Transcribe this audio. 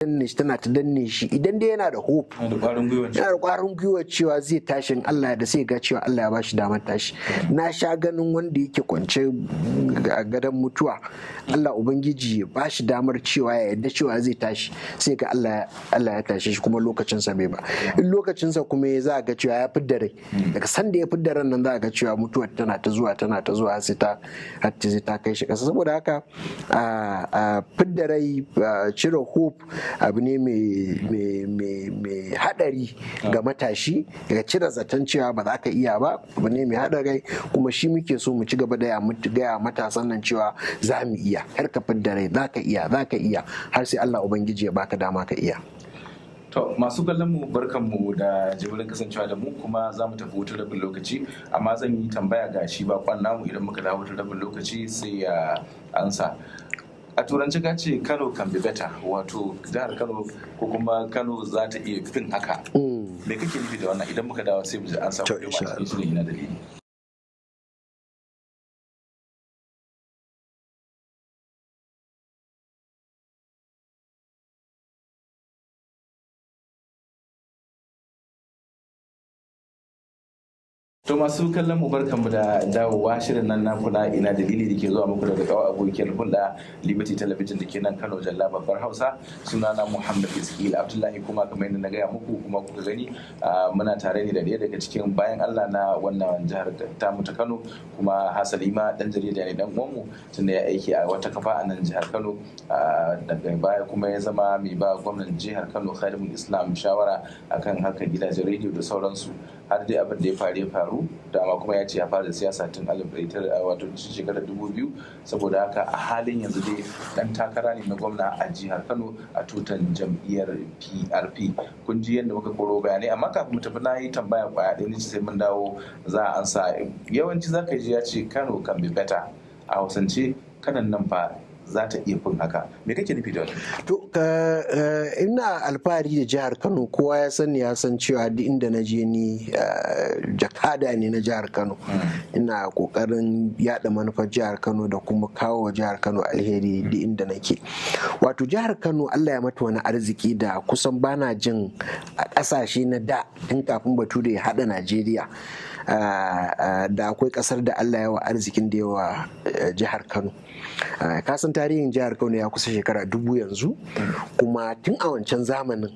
danne shi tana ta danne shi idan dai yana da hope yana da kwarin gwiwa cewa zai tashin Allah da sai ga cewa Allah ya bashi damar tashi na sha ganin wanda yake kwance a gadon mutuwa Allah ubangiji ya bashi damar cewa ya yadda cewa zai tashi sai ga Allah Allah ya tashi shi kuma lokacin sa bai ba in lokacin sa kuma za ga cewa ya fidda rai daga sanda ya fidda ran nan za ga cewa mutuwa tana ta zuwa tana ta zuwa sai ta ta zai ta kai shi kasa saboda haka a fidda rai cire hope abu ne mai haɗari ga ah. matashi ga cire zaton cewa ba za ka iya ba abu ne mai haɗari kuma shi muke so mu ci gaba da gaya matasan nan cewa za mu iya har ka fidda rai za ka iya za ka iya har sai Allah Ubangiji ya baka dama ka iya. To masu kallon mu barkan da jimirin kasancewa da mu kuma za mu tafi wutar rabin lokaci amma zan yi tambaya ga shi bakon namu idan muka dawo wutar rabin lokaci sai ya ansa. a turanci ka ce kano kan bi beta wato jihar kano ko kuma kano za ta iya fin haka mm. me kake nufi da wannan idan muka dawo sai mu ji an samu a cikin shirin ina dalili To masu kallon mu barkanmu da dawowa shirin nan na kula ina dalili da ke zuwa muku daga kawo abokiyar hulɗa Liberty Television da ke nan Kano Jalla babbar Hausa sunana Muhammad Iskil Abdullahi kuma kamar yadda na gaya muku kuma kuka gani muna tare ne da ɗaya daga cikin bayan Allah na wannan jihar tamu ta Kano kuma hasali ma dan jarida ne dan uwanmu tunda ya aiki a wata kafa a nan jihar Kano daga baya kuma ya zama mai ba gwamnan jihar Kano Khairul Islam shawara akan haka gidajen rediyo da sauransu. har dai abin da ya faru ya faru dama kuma ya ce ya fara siyasa tun wato shekarar dubu biyu saboda haka a halin yanzu dai dan takara ne na gwamna a jihar kano a tutan jam'iyyar prp kun ji yadda muka koro bayanai amma kafin mu tafi na yi tambaya kwaya ɗaya ce sai mun dawo za a ansa yawanci za ka ji ya ce kano kan bi beta a hausance kanan nan fa za ta iya bin haka me kake nufi da to ina alfahari da jihar Kano kowa ya sani ya san cewa duk inda na je ni eh, jakada ne na jihar Kano hmm. ina kokarin yada manufar jihar Kano da kuma kawo jihar Kano alheri hmm. duk inda nake wato jihar Kano Allah ya mata wani arziki da kusan bana jin a kasashe na da tun kafin Bature ya hada Najeriya eh, eh, da akwai kasar da Allah ya wa arzikin da yawa jihar Kano kasan tarihin jihar Kano ya kusa shekara dubu yanzu kuma tun a wancan zamanin